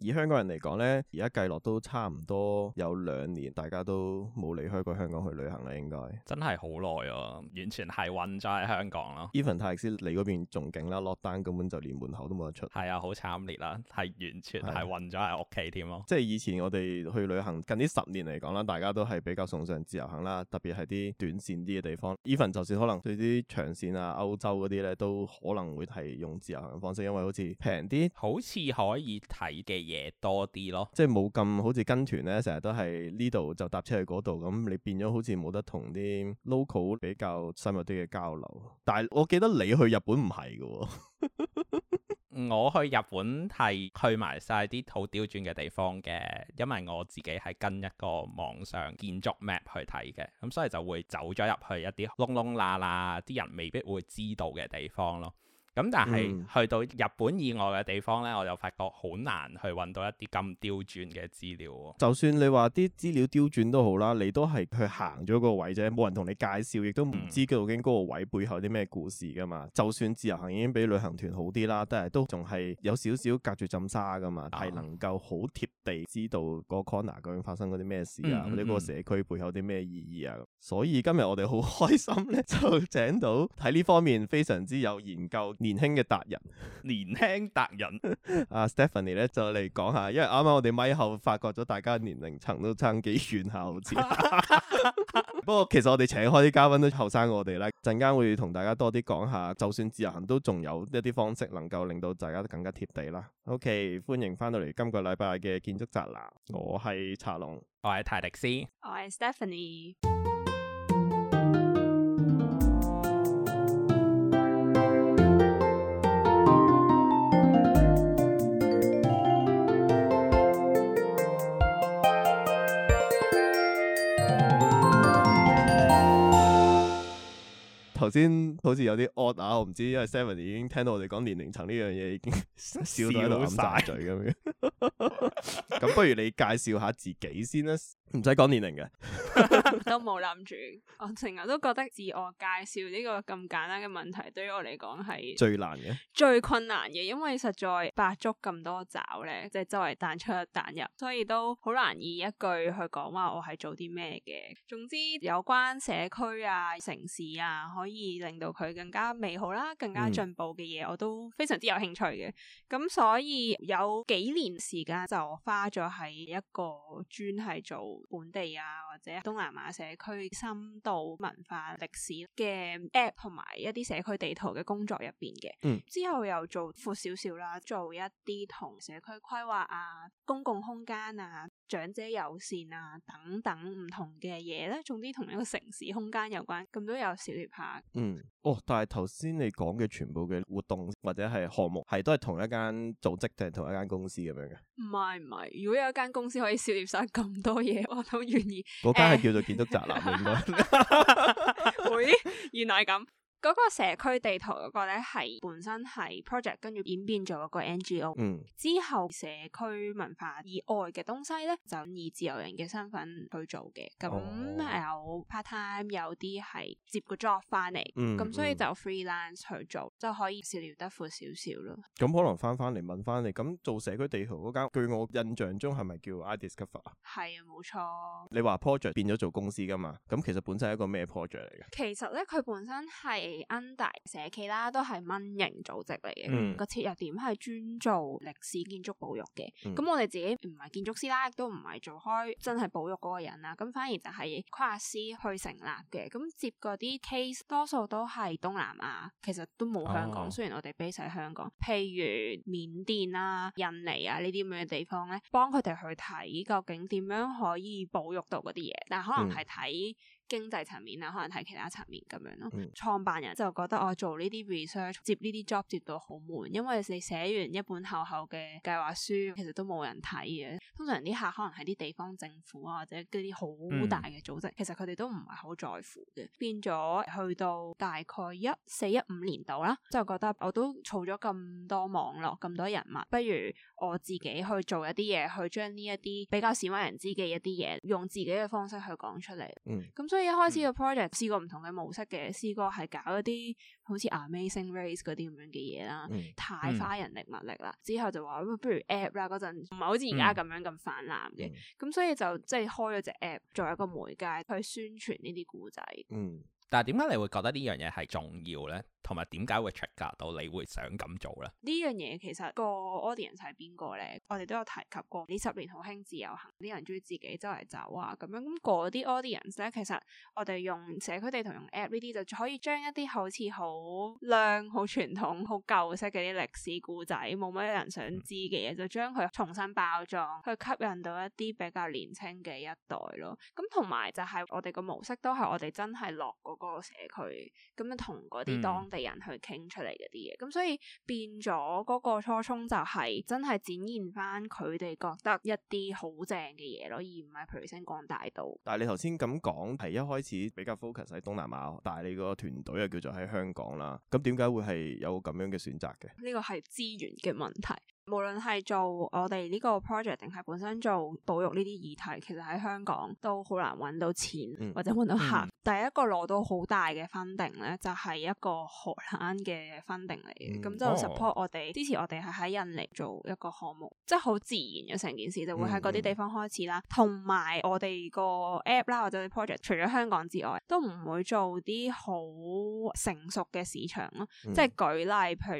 以香港人嚟講呢，而家計落都差唔多有兩年，大家都冇離開過香港去旅行啦，應該真係好耐啊，完全係困咗喺香港咯。Even 泰迪師你嗰邊仲勁啦，落單根本就連門口都冇得出。係啊，好慘烈啦、啊，係完全係困咗喺屋企添咯。即係以前我哋去旅行近呢十年嚟講啦，大家都係比較崇尚自由行啦，特別係啲短線啲嘅地方。Even 就算可能對啲長線啊歐洲嗰啲呢，都可能會係用自由行嘅方式，因為好似平啲，好似可以睇嘅。嘢多啲咯，即係冇咁好似跟團咧，成日都係呢度就搭車去嗰度，咁你變咗好似冇得同啲 local 比較深入啲嘅交流。但係我記得你去日本唔係嘅喎。 我去日本係去埋晒啲土刁鑽嘅地方嘅，因為我自己係跟一個網上建築 map 去睇嘅，咁所以就會走咗入去一啲窿窿罅罅，啲人未必會知道嘅地方咯。咁但係、嗯、去到日本以外嘅地方呢，我就發覺好難去揾到一啲咁刁鑽嘅資料，哦。就算你話啲資料刁鑽都好啦，你都係去行咗個位啫，冇人同你介紹，亦都唔知究竟嗰個位背後啲咩故事噶嘛。嗯、就算自由行已經比旅行團好啲啦，但係都仲係有少少隔住浸沙噶嘛，係、啊、能夠好貼地知道個 corner 究竟發生嗰啲咩事啊，嗯、或者個社區背後啲咩意義啊。嗯嗯、所以今日我哋好開心呢，就請到喺呢方面非常之有研究。年輕嘅達人、 啊，年輕達人，阿 Stephanie 咧就嚟講下，因為啱啱我哋咪後發覺咗大家年齡層都差幾遠下、啊，好似。 不過其實我哋請開啲嘉賓都後生我哋啦，陣間會同大家多啲講下，就算自由行都仲有一啲方式能夠令到大家都更加貼地啦。OK，歡迎翻到嚟今個禮拜嘅建築宅男，我係查龍，我係泰迪斯， 我係 Stephanie。 頭先好似有啲 odd 啊！我唔知，因為 Stephanie 已經聽到我哋講年齡層呢樣嘢，已經笑到喺度攬渣嘴咁樣。咁笑了 不如你介紹下自己先啦，唔使講年齡嘅。都冇諗住，我成日都覺得自我介紹呢個咁簡單嘅問題，對於我嚟講係最難嘅，最困難嘅，因為實在百足咁多爪咧，即係周圍彈出彈入，所以都好難以一句去講話我係做啲咩嘅。總之有關社區啊、城市啊，可以令到佢更加美好啦，更加進步嘅嘢我都非常之有興趣嘅。咁所以有幾年時間就花咗喺一個專係做本地啊或者東南亞社區深度文化歷史嘅 app 同埋一啲社區地圖嘅工作入邊嘅。嗯、之後又做闊少少啦，做一啲同社區規劃啊、公共空間啊。長者友善啊，等等唔同嘅嘢咧，總之同一個城市空間有關，咁都有涉獵下。嗯，哦，但係頭先你講嘅全部嘅活動或者係項目，係都係同一間組織定係同一間公司咁樣嘅？唔係唔係，如果有一間公司可以涉獵晒咁多嘢，我都願意。嗰間係叫做建築宅男啊？會，原來係咁。嗰個社區地圖嗰個咧，係本身係 project，跟住演變做一個 NGO。嗯。之後社區文化以外嘅東西咧，就以自由人嘅身份去做嘅。咁、嗯哦、有 part time，有啲係接個 job 翻嚟。咁、嗯、所以就 freelance 去做，嗯、就可以視野得闊少少咯。咁可能翻翻嚟問翻你，咁做社區地圖嗰間，據我印象中係咪叫 iDiscover 啊？係啊，冇錯。你話 project 變咗做公司㗎嘛？咁其實本身係一個咩 project 嚟嘅？其實咧，佢本身係。恩大社企啦，都係蚊型組織嚟嘅。個切入點係專做歷史建築保育嘅。咁、嗯、我哋自己唔係建築師啦，亦都唔係做開真係保育嗰個人啦。咁反而就係跨師去成立嘅。咁接嗰啲 case 多數都係東南亞，其實都冇香港。哦、雖然我哋 base 喺香港，譬如緬甸啊、印尼啊呢啲咁嘅地方咧，幫佢哋去睇究竟點樣可以保育到嗰啲嘢。但係可能係睇。經濟層面啦，可能睇其他層面咁樣咯。嗯、創辦人就覺得我、哦、做呢啲 research 接呢啲 job 接到好悶，因為你寫完一本厚厚嘅計劃書，其實都冇人睇嘅。通常啲客可能係啲地方政府啊，或者嗰啲好大嘅組織，嗯、其實佢哋都唔係好在乎嘅。變咗去到大概一四一五年度啦，就覺得我都儲咗咁多網絡咁多人物。不如我自己去做一啲嘢，去將呢一啲比較鮮為人知嘅一啲嘢，用自己嘅方式去講出嚟。嗯，咁、嗯所以一開始個 project 試過唔同嘅模式嘅，試過係搞一啲好似 Amazing Race 嗰啲咁樣嘅嘢啦，嗯、太花人力物力啦。之後就話不如 app 啦，嗰陣唔係好似而家咁樣咁泛濫嘅，咁、嗯嗯、所以就即係開咗隻 app，做一個媒介去宣傳呢啲古仔。嗯但係點解你會覺得呢樣嘢係重要咧？同埋點解會 check 到你會想咁做咧？呢樣嘢其實個 audience 係邊個咧？我哋都有提及過，呢十年好興自由行，啲人中意自己周圍走啊咁樣。咁嗰啲 audience 咧，其實我哋用社區地圖用 app 呢啲，就可以將一啲好似好靚、好傳統、好舊式嘅啲歷史故仔，冇乜人想知嘅嘢，嗯、就將佢重新包裝，去吸引到一啲比較年輕嘅一代咯。咁同埋就係我哋個模式都係我哋真係落個社區咁樣同嗰啲當地人去傾出嚟嗰啲嘢，咁、嗯、所以變咗嗰個初衷就係真係展現翻佢哋覺得一啲好正嘅嘢咯，而唔係譬如先講大都。但係你頭先咁講係一開始比較 focus 喺東南亞，但係你個團隊又叫做喺香港啦，咁點解會係有咁樣嘅選擇嘅？呢個係資源嘅問題。無論係做我哋呢個 project，定係本身做保育呢啲議題，其實喺香港都好難揾到錢、嗯、或者揾到客。嗯、第一個攞到好大嘅 funding 咧，就係、是、一個荷蘭嘅 funding 嚟嘅。咁、嗯、就 support 我哋支持我哋係喺印尼做一個項目，即係好自然嘅成件事就會喺嗰啲地方開始啦。同埋、嗯、我哋個 app 啦或者 project，除咗香港之外，都唔會做啲好成熟嘅市場咯。嗯、即係舉例，譬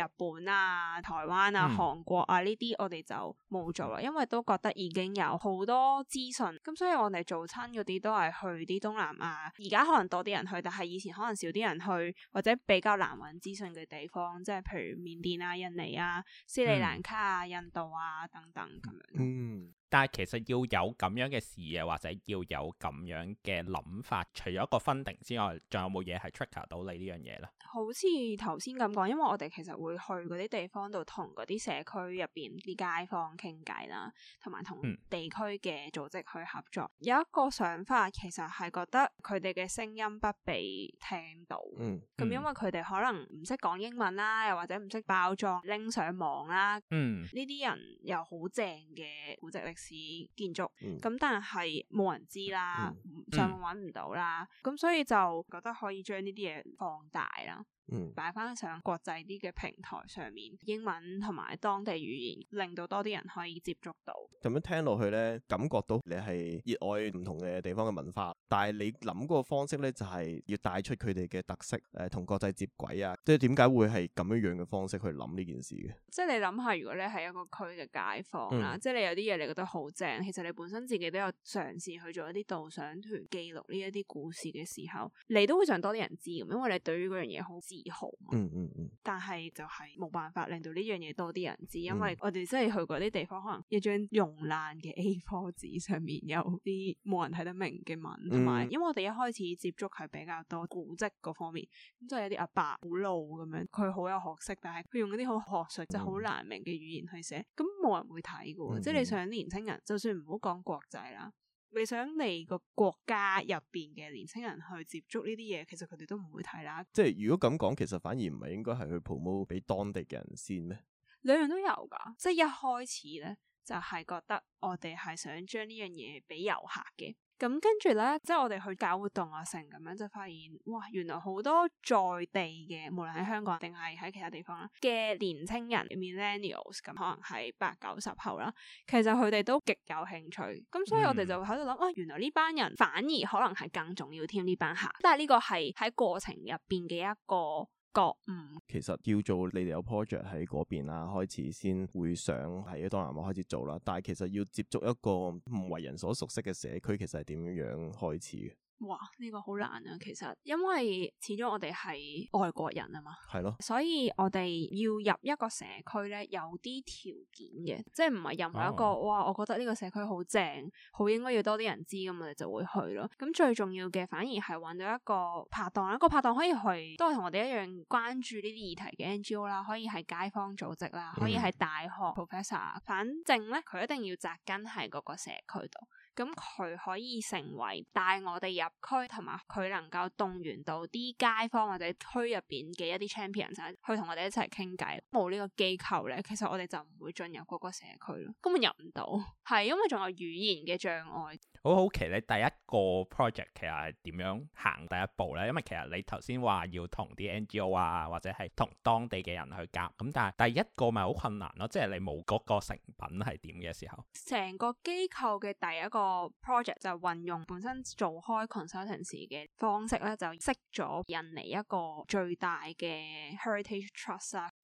如日本啊、台灣啊、嗯嗯韓國啊，呢啲我哋就冇做啦，因為都覺得已經有好多資訊，咁所以我哋做親嗰啲都係去啲東南亞，而家可能多啲人去，但係以前可能少啲人去，或者比較難揾資訊嘅地方，即係譬如緬甸啊、印尼啊、斯里蘭卡啊、印度啊等等咁樣。嗯但係其實要有咁樣嘅視野或者要有咁樣嘅諗法，除咗個 funding 之外，仲有冇嘢係 trigger 到你呢樣嘢咧？好似頭先咁講，因為我哋其實會去嗰啲地方度同嗰啲社區入邊啲街坊傾偈啦，同埋同地區嘅組織去合作。嗯、有一個想法，其實係覺得佢哋嘅聲音不被聽到。嗯，咁因為佢哋可能唔識講英文啦，又或者唔識包裝拎上網啦。嗯，呢啲人又好正嘅古蹟力。市建築咁，但係冇人知啦，上網揾唔到啦，咁、嗯、所以就覺得可以將呢啲嘢放大啦。嗯，擺翻上國際啲嘅平台上面，英文同埋當地語言，令到多啲人可以接觸到。咁樣聽落去咧，感覺到你係熱愛唔同嘅地方嘅文化，但係你諗嗰個方式咧，就係、是、要帶出佢哋嘅特色，誒、呃，同國際接軌啊。即係點解會係咁樣樣嘅方式去諗呢件事嘅？即係你諗下，如果你係一個區嘅街坊、啊、啦、嗯，即係你有啲嘢，你覺得好正，其實你本身自己都有嘗試去做一啲導賞團，記錄呢一啲故事嘅時候，你都會想多啲人知，咁因為你對於嗰樣嘢好。自豪嘛，嗯嗯嗯、但係就係冇辦法令到呢樣嘢多啲人知，嗯、因為我哋真係去過啲地方，可能有一張溶爛嘅 A4 紙上面有啲冇人睇得明嘅文，同埋、嗯、因為我哋一開始接觸係比較多古迹嗰方面，咁即係有啲阿伯好老咁樣，佢好有學識，但係佢用嗰啲好學術、即係好難明嘅語言去寫，咁冇人會睇噶，嗯、即係你想年輕人，就算唔好講國際啦。未想嚟個國家入邊嘅年輕人去接觸呢啲嘢，其實佢哋都唔會睇啦。即係如果咁講，其實反而唔係應該係去 promote 俾當地嘅人先咩？兩樣都有噶，即係一開始咧就係、是、覺得我哋係想將呢樣嘢俾遊客嘅。咁跟住咧，即係我哋去搞活動啊，成咁樣就發現，哇！原來好多在地嘅，無論喺香港定係喺其他地方啦嘅年輕人 （millennials） 咁，嗯、可能係八九十後啦，其實佢哋都極有興趣。咁所以我哋就會喺度諗，啊，原來呢班人反而可能係更重要添呢班客。但係呢個係喺過程入邊嘅一個。覺悟，嗯、其實叫做你哋有 project 喺嗰邊啦，開始先會想喺東南亞開始做啦。但係其實要接觸一個唔為人所熟悉嘅社區，其實係點樣開始嘅？哇，呢個好難啊！其實，因為始終我哋係外國人啊嘛，係咯，所以我哋要入一個社區咧，有啲條件嘅，即係唔係任何一個、哦、哇，我覺得呢個社區好正，好應該要多啲人知，咁我哋就會去咯。咁最重要嘅，反而係揾到一個拍檔，一個拍檔可以去，都係同我哋一樣關注呢啲議題嘅 NGO 啦，可以係街坊組織啦，可以係大學，嗯、大學 professor，反正咧佢一定要扎根喺嗰個社區度。咁佢可以成為帶我哋入區同埋佢能夠動員到啲街坊或者區入邊嘅一啲 champion 仔，去同我哋一齊傾偈。冇呢個機構咧，其實我哋就唔會進入嗰個社區咯，根本入唔到。係因為仲有語言嘅障礙。好好奇你第一個 project 其實係點樣行第一步咧？因為其實你頭先話要同啲 NGO 啊，或者係同當地嘅人去夾，咁但係第一個咪好困難咯、啊，即係你冇嗰個成品係點嘅時候。成個機構嘅第一個。個 project 就運用本身做開 consultancy 嘅方式咧，就識咗印尼一個最大嘅 heritage trust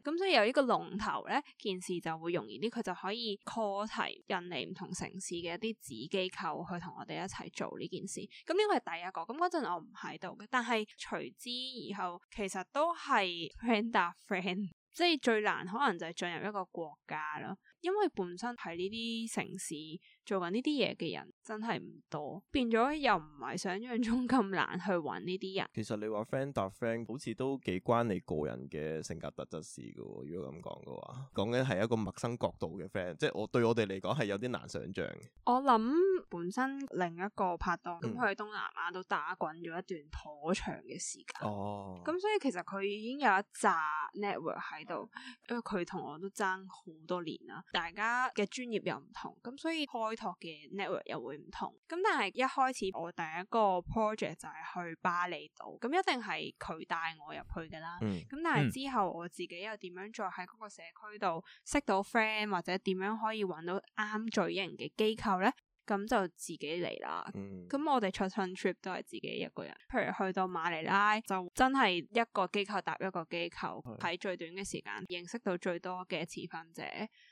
咁、嗯、所以有呢個龍頭咧，件事就會容易啲，佢就可以 call 提印尼唔同城市嘅一啲子機構去同我哋一齊做呢件事。咁呢個係第一個，咁嗰陣我唔喺度嘅，但係隨之而後，其實都係 friend 搭 friend，即係最難可能就係進入一個國家啦，因為本身喺呢啲城市。做緊呢啲嘢嘅人真係唔多，變咗又唔係想象中咁難去揾呢啲人。其實你話 friend 搭 friend，好似都幾關你個人嘅性格特質事噶。如果咁講嘅話，講緊係一個陌生角度嘅 friend，即係我對我哋嚟講係有啲難想象。我諗本身另一個拍檔，咁佢喺東南亞都打滾咗一段頗長嘅時間。哦，咁、嗯、所以其實佢已經有一紮 network 喺度，因為佢同我都爭好多年啦，大家嘅專業又唔同，咁所以開。嗯托嘅 network 又會唔同，咁但係一開始我第一個 project 就係去巴厘島，咁一定係佢帶我入去噶啦。咁、嗯、但係之後我自己又點樣再喺嗰個社區度識到 friend，或者點樣可以揾到啱嘴型嘅機構咧？咁就自己嚟啦。咁、嗯、我哋出村 trip 都係自己一個人，譬如去到馬尼拉就真係一個機構搭一個機構，喺、嗯、最短嘅時間認識到最多嘅持份者，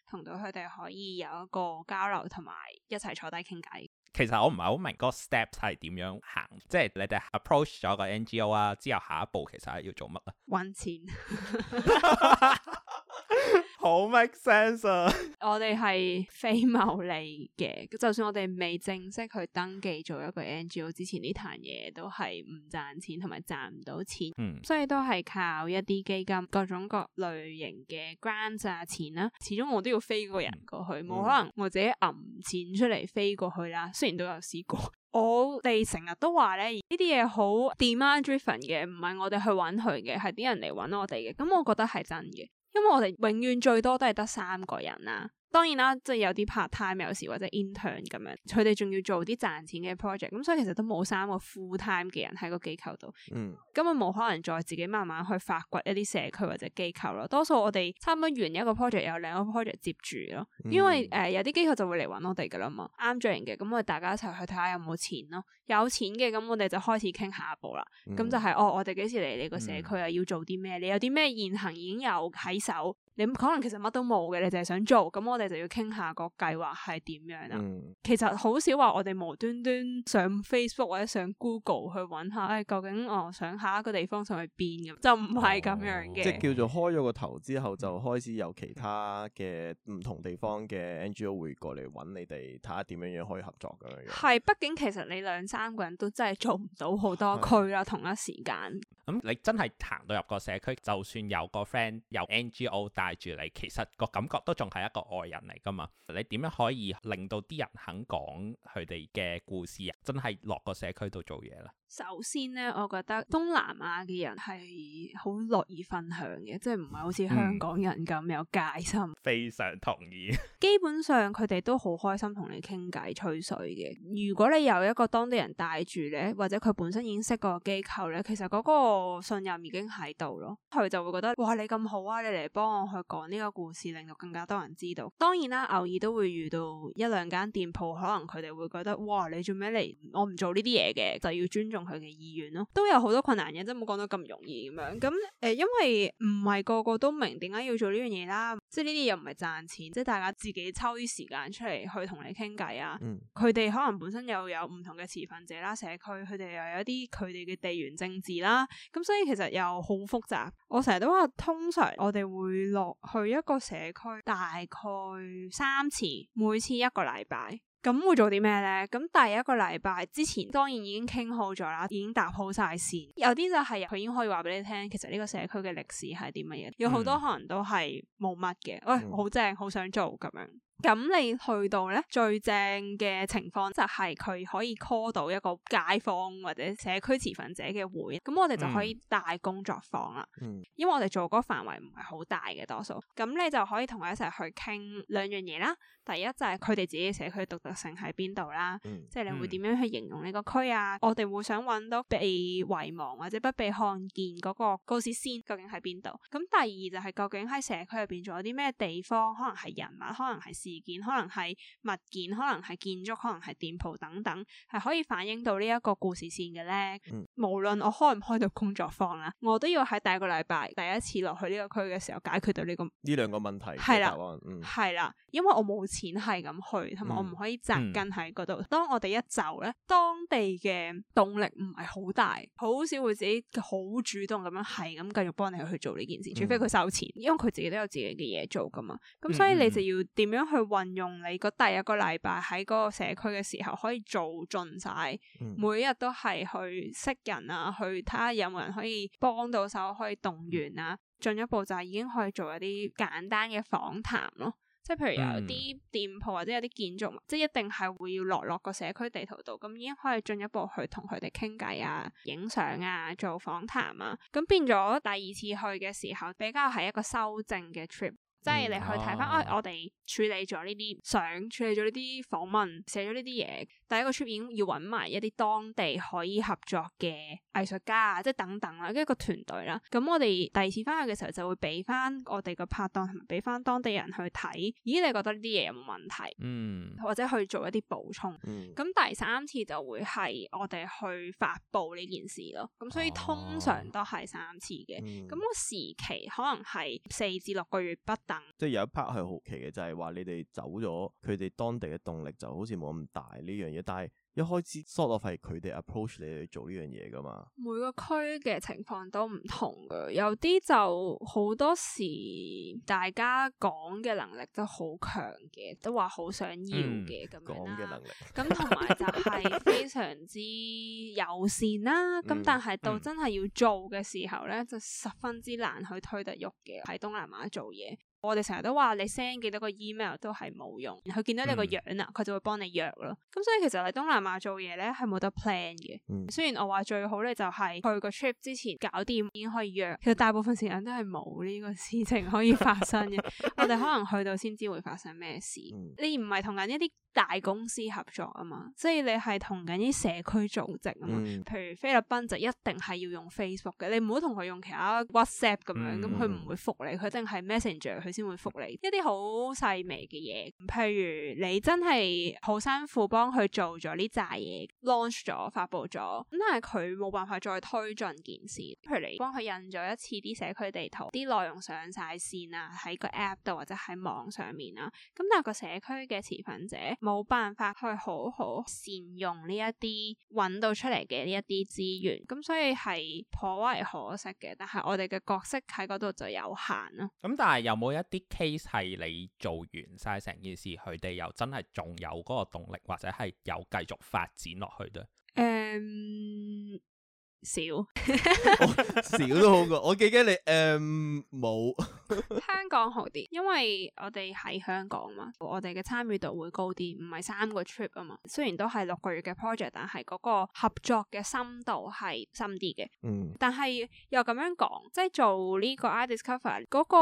同到佢哋可以有一個交流，同埋一齊坐低傾偈。其實我唔係好明嗰 step 係點樣行，即係你哋 approach 咗個 NGO 啊，之後下一步其實係要做乜啊？搵錢。 好 make sense 啊！我哋係非牟利嘅，就算我哋未正式去登記做一個 NGO 之前，呢壇嘢都係唔賺錢，同埋賺唔到錢，嗯、所以都係靠一啲基金、各種各類型嘅 grant 啊錢啦。始終我都要飛個人過去，冇、嗯嗯、可能或者揞錢出嚟飛過去啦。雖然都有試過， 我哋成日都話咧呢啲嘢好 demand driven 嘅，唔係我哋去搵佢嘅，係啲人嚟搵我哋嘅。咁我覺得係真嘅。因為我哋永遠最多都係得三個人啦。當然啦，即係有啲 part time，有時或者 intern 咁樣，佢哋仲要做啲賺錢嘅 project，咁、嗯、所以其實都冇三個 full time 嘅人喺個機構度，咁啊冇可能再自己慢慢去發掘一啲社區或者機構咯。多數我哋差唔多完一個 project，有兩個 project 接住咯。因為誒、呃、有啲機構就會嚟搵我哋噶啦嘛，啱着型嘅，咁我哋大家一齊去睇下有冇錢咯。有錢嘅咁我哋就開始傾下一步啦。咁、嗯、就係、是、哦，我哋幾時嚟你個社區啊？要做啲咩？你有啲咩現行已經有喺手？你可能其實乜都冇嘅，你淨係想做，咁我哋就要傾下個計劃係點樣啦。嗯、其實好少話，我哋無端端上 Facebook 或者上 Google 去揾下，誒、哎、究竟我、哦、想下一個地方想去邊咁，就唔係咁樣嘅、哦。即係叫做開咗個頭之後，嗯、就開始有其他嘅唔同地方嘅 NGO 會過嚟揾你哋，睇下點樣樣可以合作咁樣。係，畢竟其實你兩三個人都真係做唔到好多區啦， 同一時間。咁、嗯、你真係行到入個社區，就算有個 friend 有 NGO，但帶住你，其實個感覺都仲係一個外人嚟噶嘛。你點樣可以令到啲人肯講佢哋嘅故事啊？真係落個社區度做嘢啦。首先咧，我覺得東南亞嘅人係好樂意分享嘅，即係唔係好似香港人咁有戒心。非常同意。基本上佢哋 都好開心同你傾偈吹水嘅。如果你有一個當地人帶住咧，或者佢本身已經認識個機構咧，其實嗰個信任已經喺度咯。佢就會覺得哇，你咁好啊，你嚟幫我去講呢個故事，令到更加多人知道。當然啦，偶爾都會遇到一兩間店鋪，可能佢哋會覺得哇，你做咩嚟？我唔做呢啲嘢嘅，就要尊重。佢嘅意願咯，都有好多困難嘢，真冇講到咁容易咁樣。咁誒、呃，因為唔係個個都明點解要做呢樣嘢啦，即係呢啲又唔係賺錢，即係大家自己抽啲時間出嚟去同你傾偈啊。佢哋、嗯、可能本身又有唔同嘅持份者啦，社區佢哋又有一啲佢哋嘅地緣政治啦，咁所以其實又好複雜。我成日都話，通常我哋會落去一個社區大概三次，每次一個禮拜。咁會做啲咩咧？咁第一個禮拜之前，當然已經傾好咗啦，已經搭好晒線。有啲就係、是，佢已經可以話俾你聽，其實呢個社區嘅歷史係啲乜嘢？有好多可能都係冇乜嘅，喂、哎，好正，好想做咁樣。咁你去到咧，最正嘅情況就係佢可以 call 到一個街坊或者社區持份者嘅會，咁我哋就可以帶工作坊啦。嗯，因為我哋做嗰個範圍唔係好大嘅多數，咁你就可以同佢一齊去傾兩樣嘢啦。第一就係佢哋自己嘅社區獨特性喺邊度啦，即係、嗯、你會點樣去形容呢個區啊？我哋會想揾到被遺忘或者不被看見嗰個故事線究竟喺邊度？咁第二就係究竟喺社區入邊仲有啲咩地方，可能係人物，可能係事。事件可能係物件，可能係建築，可能係店鋪等等，係可以反映到呢一個故事線嘅咧。嗯、無論我開唔開到工作坊咧，我都要喺第一個禮拜第一次落去呢個區嘅時候解決到呢、呢個呢兩個問題。係啦，係、嗯、啦，因為我冇錢係咁去，同埋我唔可以紮根喺嗰度。嗯嗯、當我哋一走咧，當地嘅動力唔係好大，好少會自己好主動咁樣係咁繼續幫你去做呢件事，嗯、除非佢收錢，因為佢自己都有自己嘅嘢做噶嘛。咁、嗯、所以你就要點樣去？運用你個第一個禮拜喺嗰個社區嘅時候，可以做盡晒，嗯、每日都係去識人啊，去睇下有冇人可以幫到手，可以動員啊，進一步就係已經可以做一啲簡單嘅訪談咯。即係譬如有啲店鋪或者有啲建築物，嗯、即係一定係會要落落個社區地圖度，咁已經可以進一步去同佢哋傾偈啊、影相啊、做訪談啊，咁變咗第二次去嘅時候，比較係一個修正嘅 trip。即係你去睇翻，嗯、啊、哎、我哋處理咗呢啲相，處理咗呢啲訪問，寫咗呢啲嘢。第一個出面要揾埋一啲當地可以合作嘅藝術家啊，即係等等啦，跟住個團隊啦。咁我哋第二次翻去嘅時候，就會俾翻我哋個拍檔同埋俾翻當地人去睇。咦,你覺得呢啲嘢有冇問題？嗯，或者去做一啲補充。咁、嗯、第三次就會係我哋去發佈呢件事咯。咁所以通常都係三次嘅。咁個、嗯嗯、時期可能係四至六個月不等。即係有一 part 係好奇嘅，就係、是、話你哋走咗，佢哋當地嘅動力就好似冇咁大呢樣嘢。但係一開始，source 係佢哋 approach 你去做呢樣嘢㗎嘛？每個區嘅情況都唔同㗎，有啲就好多時大家講嘅能力都好強嘅，都話好想要嘅咁、嗯、樣講、啊、嘅能力，咁同埋就係非常之友善啦、啊。咁、嗯、但係到真係要做嘅時候咧，就十分之難去推得喐嘅。喺東南亞做嘢。我哋成日都話你 send 幾多個 email 都係冇用，佢見到你個樣啊，佢、嗯、就會幫你約咯。咁、嗯嗯、所以其實喺東南亞做嘢咧係冇得 plan 嘅。嗯、雖然我話最好咧就係去個 trip 之前搞掂，已經可以約。嗯、其實大部分時間都係冇呢個事情可以發生嘅。 我哋可能去到先知會發生咩事。嗯、你唔係同緊一啲大公司合作啊嘛，即係你係同緊啲社區組織啊嘛。嗯、譬如菲律賓就一定係要用 Facebook 嘅，你唔好同佢用其他 WhatsApp 咁樣，咁佢唔會覆你，佢一定係 Messenger 去。先會覆你。一啲好細微嘅嘢，譬如你真係好辛苦幫佢做咗呢扎嘢，launch 咗、發布咗，咁但係佢冇辦法再推進件事。譬如你幫佢印咗一次啲社區地圖，啲內容上晒線啊，喺個 app 度或者喺網上面啦，咁但係個社區嘅持份者冇辦法去好好善用呢一啲揾到出嚟嘅呢一啲資源，咁所以係頗為可惜嘅。但係我哋嘅角色喺嗰度就有限咯。咁但係有冇一啲 case 係你做完晒成件事，佢哋又真係仲有嗰個動力，或者係有繼續發展落去嘅？嗯少少都好過，我記得你誒冇香港好啲，因為我哋喺香港嘛，我哋嘅參與度會高啲，唔係三個 trip 啊嘛，雖然都係六個月嘅 project，但係個合作嘅深度係深啲嘅，嗯，但係又咁樣講，即係做呢個 iDiscover 個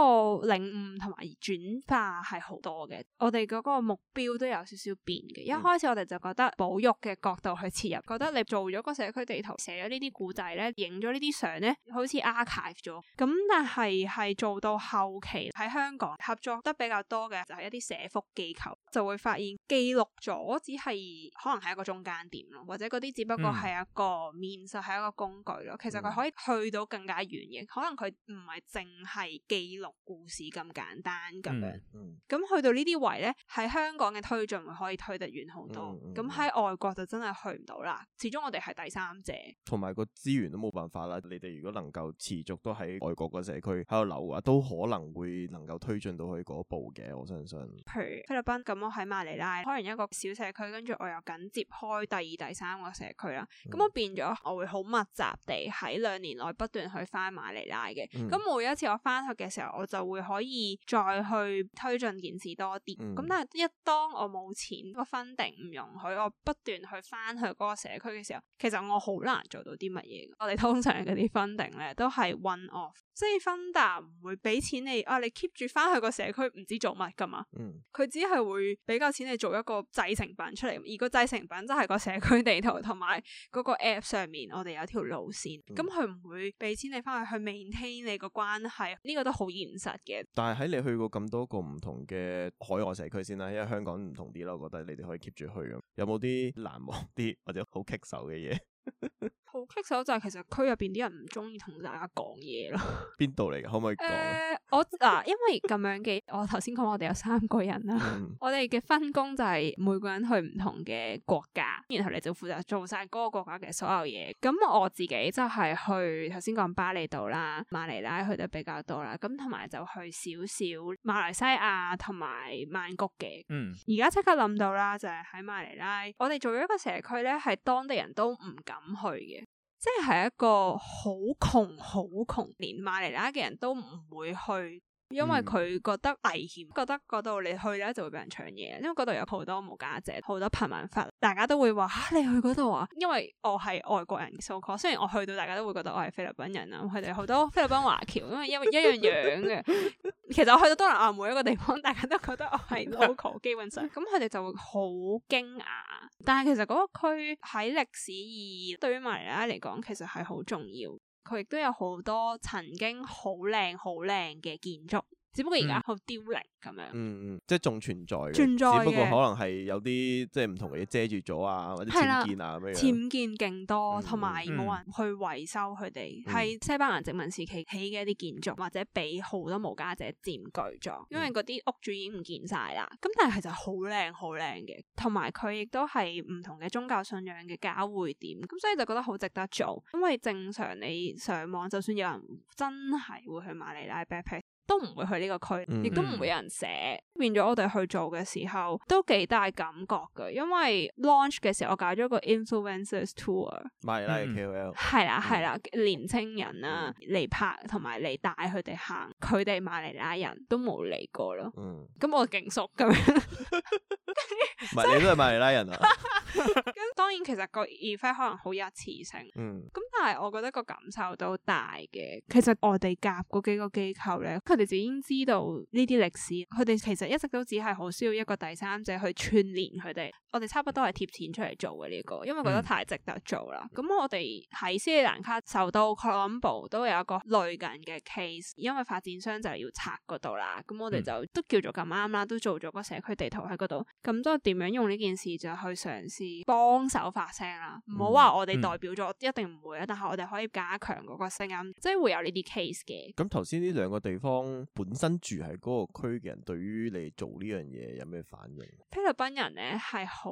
領悟同埋轉化係好多嘅，我哋個目標都有少少變嘅，嗯、一開始我哋就覺得保育嘅角度去切入，覺得你做咗個社區地圖，寫咗呢啲故。就係咧，影咗呢啲相咧，好似 archive 咗。咁但係係做到後期喺香港合作得比較多嘅，就係一啲社福機構，就會發現記錄咗只係可能係一個中間點咯，或者嗰啲只不過係一個 means，係一個工具咯。其實佢可以去到更加遠嘅，可能佢唔係淨係記錄故事咁簡單咁樣。咁去到呢啲位咧，喺香港嘅推進可以推得遠好多。咁喺外國就真係去唔到啦。始終我哋係第三者，同埋個。資源都冇辦法啦。你哋如果能夠持續都喺外國個社區喺度留啊，都可能會能夠推進到去嗰一步嘅，我相信。譬如菲律賓咁，我喺馬尼拉開完一個小社區，跟住我又緊接開第二、第三個社區啦。咁我、嗯、變咗，我會好密集地喺兩年內不斷去翻馬尼拉嘅。咁、嗯、每一次我翻去嘅時候，我就會可以再去推進件事多啲。咁、嗯、但係一當我冇錢個分定唔容許我不斷去翻去嗰個社區嘅時候，其實我好難做到啲乜嘢。我哋通常嗰啲 funding 咧都係 one off，即係 funder 唔會俾錢你啊，你 keep 住翻去個社區唔知做乜噶嘛。嗯，佢只係會俾夠錢你做一個製成品出嚟，而個製成品就係個社區地圖同埋嗰個 app 上面，我哋有條路線。咁佢唔會俾錢你翻去去 maintain 你個關係，呢個都好現實嘅。但係喺你去過咁多個唔同嘅海外社區先啦，因為香港唔同啲咯，我覺得你哋可以 keep 住去咯。有冇啲難忘啲或者好棘手嘅嘢？ 好棘手就係其實區入邊啲人唔中意同大家講嘢咯。邊度嚟噶？可唔可以講、呃？我嗱、啊，因為咁樣嘅， 我頭先講我哋有三個人啦。嗯、我哋嘅分工就係每個人去唔同嘅國家，然後你就負責做晒嗰個國家嘅所有嘢。咁我自己就係去頭先講巴厘島啦、馬尼拉去得比較多啦。咁同埋就去少少馬來西亞同埋曼谷嘅。嗯。而家即刻諗到啦，就係喺馬尼拉，我哋做咗一個社區咧，係當地人都唔敢去嘅。即係一個好窮、好窮，連馬尼拉嘅人都唔會去。因為佢覺得危險，嗯、覺得嗰度你去咧就會俾人搶嘢，因為嗰度有好多無家者，好多貧民窟，大家都會話吓、啊、你去嗰度啊！因為我係外國人 local 雖然我去到，大家都會覺得我係菲律賓人啊，佢哋好多菲律賓華僑，因為 一一樣樣嘅。其實我去到東南亞每一個地方，大家都覺得我係 local， 基本上，咁佢哋就會好驚訝。但係其實嗰個區喺歷史意義對於馬尼拉嚟講，其實係好重要。佢亦都有好多曾經好靚好靚嘅建築。只不過而家好凋零咁樣，嗯嗯，即係仲存在，存在，只不過可能係有啲即係唔同嘅嘢遮住咗啊，或者僭建啊咩嘢僭建勁多，同埋冇人去維修佢哋，係西班牙殖民時期起嘅一啲建築，或者俾好多無家者佔據咗，因為嗰啲屋主已經唔見晒啦。咁但係其實好靚，好靚嘅，同埋佢亦都係唔同嘅宗教信仰嘅交匯點，咁所以就覺得好值得做。因為正常你上網，就算有人真係會去馬尼拉都唔會去呢個區，亦都唔會有人寫，嗯、變咗我哋去做嘅時候都幾大感覺嘅。因為 launch 嘅時候，我搞咗個 influencers tour，馬尼拉 KOL 係啦係啦，年青人啊，嚟拍，同埋嚟帶佢哋行，佢哋馬尼拉人都冇嚟過咯。咁、嗯嗯、我勁熟咁樣，唔係你都係馬尼拉人啊？ 咁 當然，其實個 effect 可能好一次性。嗯，咁但係我覺得個感受都大嘅。其實外地夾嗰幾個機構咧，佢哋就已經知道呢啲歷史，佢哋其實一直都只係好需要一個第三者去串聯佢哋。我哋差不多係貼錢出嚟做嘅呢、這個，因為覺得太值得做啦。咁、嗯、我哋喺斯里蘭卡受到 c 部 l o 都有一個類近嘅 case，因為發展商就係要拆嗰度啦。咁我哋就都叫做咁啱啦，都做咗個社區地圖喺嗰度。咁都點樣用呢件事就去嘗試幫手發聲啦。唔好話我哋代表咗，一定唔會啊。但係我哋可以加強嗰個聲音，即、就、係、是、會有呢啲 case 嘅。咁頭先呢兩個地方本身住喺嗰個區嘅人，對於你做呢樣嘢有咩反應？菲律賓人咧係。好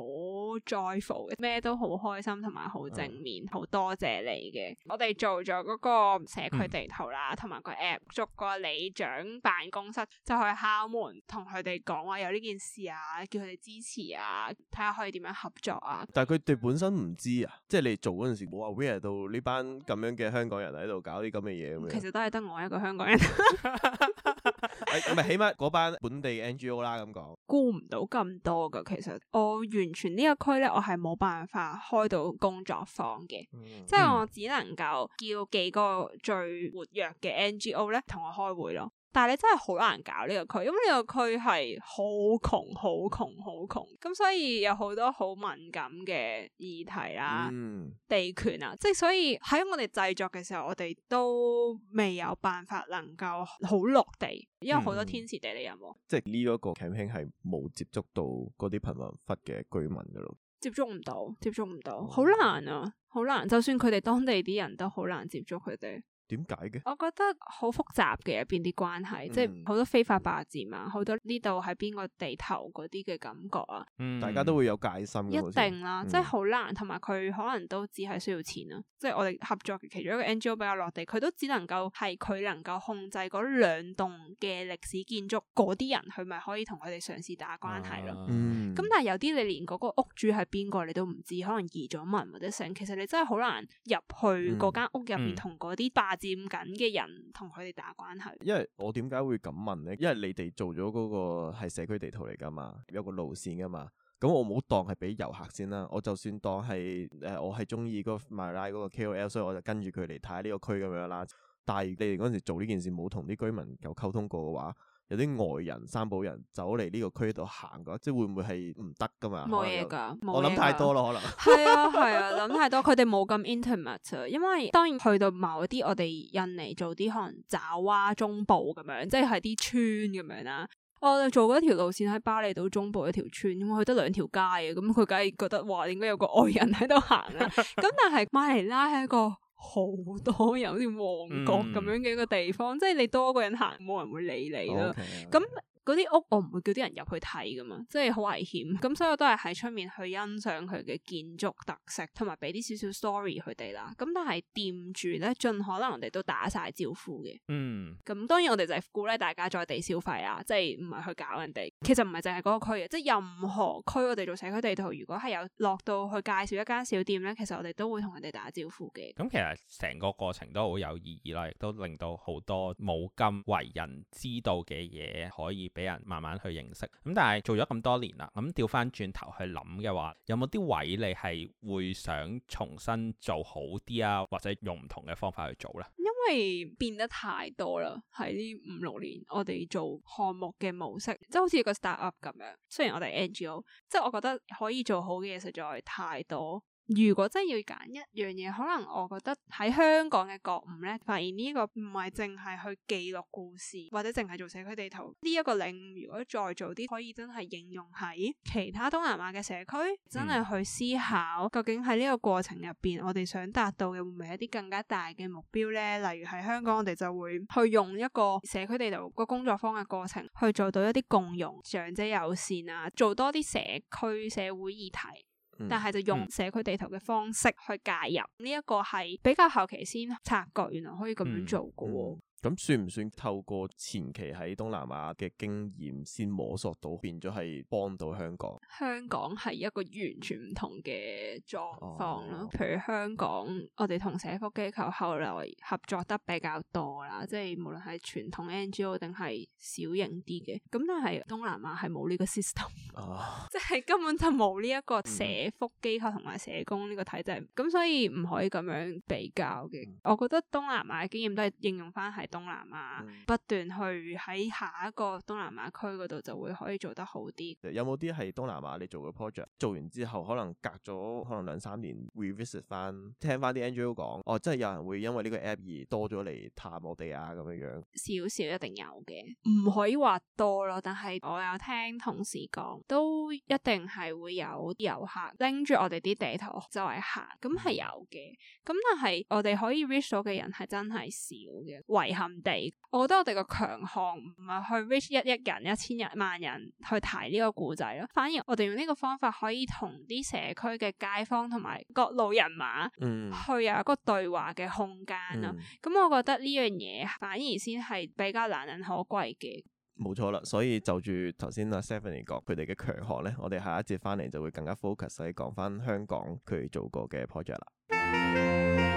joyful 嘅，咩都好開心，同埋好正面，好多、嗯、謝你嘅。我哋做咗嗰個社區地圖啦，同埋、嗯、個 app，逐個里長辦公室就去敲門，同佢哋講話有呢件事啊，叫佢哋支持啊，睇下可以點樣合作啊。但係佢哋本身唔知啊，即係你做嗰陣時冇話 aware 到呢班咁樣嘅香港人喺度搞啲咁嘅嘢咁樣。其實都係得我一個香港人。 誒，唔、 啊、起碼嗰班本地 NGO 啦，咁講，顧唔到咁多噶。其實我完全個區呢個區咧，我係冇辦法開到工作坊嘅，即係 我只能夠叫幾個最活躍嘅 NGO 咧，同我開會咯。但係你真係好難搞呢個區，因為呢個區係好窮、好窮、好窮，咁所以有好多好敏感嘅議題啦、嗯、地權啊，即係所以喺我哋製作嘅時候，我哋都未有辦法能夠好落地，因為好多天時地利人和。即係呢一個 campaign 係冇接觸到嗰啲貧民窟嘅居民噶咯，嗯、接觸唔到，接觸唔到，好難啊，好難，就算佢哋當地啲人都好難接觸佢哋。點解嘅？我覺得好複雜嘅入邊啲關係，嗯、即係好多非法霸占啊，好多呢度喺邊個地頭嗰啲嘅感覺啊，嗯、大家都會有戒心、嗯。一定啦、啊，即係好難，同埋佢可能都只係需要錢啊。嗯、即係我哋合作嘅其中一個 NGO 比較落地，佢都只能夠係佢能夠控制嗰兩棟嘅歷史建築嗰啲人，佢咪可以同佢哋嘗試打關係咯、啊。咁、啊嗯、但係有啲你連嗰個屋主係邊個你都唔知，可能移咗民或者成，其實你真係好難入去嗰間屋入面同嗰啲霸。嗯嗯嗯嗯嗯佔緊嘅人同佢哋打關係，因為我點解會咁問咧？因為你哋做咗嗰個係社區地圖嚟㗎嘛，有個路線㗎嘛，咁我冇當係俾遊客先啦。我就算當係誒、呃，我係中意嗰個 mylie 嗰個 KOL，所以我就跟住佢嚟睇下呢個區咁樣啦。但係你哋嗰陣時做呢件事冇同啲居民有溝通過嘅話，有啲外人、三堡人走嚟呢個區度行嘅，即係會唔會係唔得嘅嘛？冇嘢噶，我諗太多咯，可能係啊係啊，諗太多。佢哋冇咁 intimate 啊，因為當然去到某啲我哋印尼做啲可能爪哇中部咁樣，即係喺啲村咁樣啦。我哋做過一條路線喺巴厘島中部一條村，因為佢得兩條街嘅，咁佢梗係覺得哇，應該有個外人喺度行啦。咁 但係馬尼拉係一個。好多有啲旺角咁樣嘅一個地方，嗯、即係你多個人行，冇人會理你咯。咁 Okay, okay.。嗰啲屋我唔會叫啲人入去睇噶嘛，即係好危險。咁所以我都係喺出面去欣賞佢嘅建築特色，同埋俾啲少少 story 佢哋啦。咁但係掂住咧，盡可能人哋都打晒招呼嘅。嗯，咁當然我哋就係鼓勵大家在地消費啊，即係唔係去搞人哋。其實唔係淨係嗰個區嘅，嗯、即係任何區我哋做社區地圖，如果係有落到去介紹一間小店咧，其實我哋都會同人哋打招呼嘅。咁其實成個過程都好有意義啦，亦都令到好多冇咁為人知道嘅嘢可以。俾人慢慢去認識咁，但係做咗咁多年啦，咁掉返轉頭去諗嘅話，有冇啲位你係會想重新做好啲啊，或者用唔同嘅方法去做咧？因為變得太多啦，喺呢五六年我哋做項目嘅模式，即係好似個 start up 咁樣。雖然我哋 NGO，即係我覺得可以做好嘅嘢實在太多。如果真係要揀一樣嘢，可能我覺得喺香港嘅覺悟呢，發現呢一個唔係淨係去記錄故事，或者淨係做社區地圖呢一個領域。如果再做啲，可以真係應用喺其他東南亞嘅社區，真係去思考究竟喺呢個過程入邊，嗯、我哋想達到嘅會唔會係一啲更加大嘅目標呢？例如喺香港，我哋就會去用一個社區地圖個工作坊嘅過程，去做到一啲共用、長者友善啊，做多啲社區社會議題。但係就用社區地圖嘅方式去介入，呢一、嗯、個係比較後期先察覺，原來可以咁樣做嘅喎。嗯嗯。咁算唔算透過前期喺東南亞嘅經驗，先摸索到變咗係幫到香港？香港係一個完全唔同嘅狀況咯。哦、譬如香港，我哋同社福機構後來合作得比較多啦，即係無論係傳統 NGO 定係小型啲嘅。咁但係東南亞係冇呢個 system，哦、即係根本就冇呢一個社福機構同埋社工呢個體制。咁、嗯、所以唔可以咁樣比較嘅。嗯、我覺得東南亞嘅經驗都係應用翻喺。東南亞、嗯、不斷去喺下一個東南亞區嗰度就會可以做得好啲。有冇啲係東南亞你做嘅 project 做完之後，可能隔咗可能兩三年 revisit 翻，聽翻啲 NGO 講，哦，真係有人會因為呢個 app 而多咗嚟探我哋啊咁樣樣。少少一定有嘅，唔可以話多咯。但係我有聽同事講，都一定係會有啲遊客拎住我哋啲地圖周圍行，咁係有嘅。咁、嗯、但係我哋可以 reach 到嘅人係真係少嘅，地，我覺得我哋嘅強項唔係去 reach 一億人一千人萬人去提呢個故仔咯，反而我哋用呢個方法可以同啲社區嘅街坊同埋各路人馬去有一個對話嘅空間咯。咁、嗯嗯嗯、我覺得呢樣嘢反而先係比較難能可貴嘅。冇錯啦，所以就住頭先阿 Stephanie 講佢哋嘅強項咧，我哋下一節翻嚟就會更加 focus 喺講翻香港佢做過嘅 project 啦。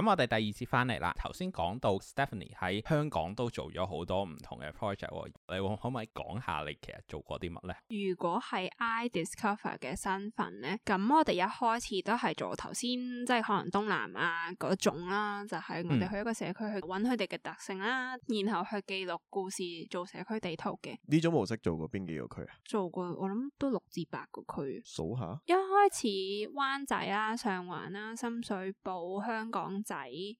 咁我哋第二次翻嚟啦，頭先講到 Stephanie 喺香港都做咗好多唔同嘅 project，你可唔可以講下你其實做過啲乜呢？如果係 iDiscover 嘅身份呢，咁我哋一開始都係做頭先，即係可能東南亞嗰種啦，就係、是、我哋去一個社區去揾佢哋嘅特性啦，嗯、然後去記錄故事，做社區地圖嘅。呢種模式做過邊幾個區啊？做過我諗都六至八個區。數下。一開始灣仔啦、上環啦、深水埗、香港仔、西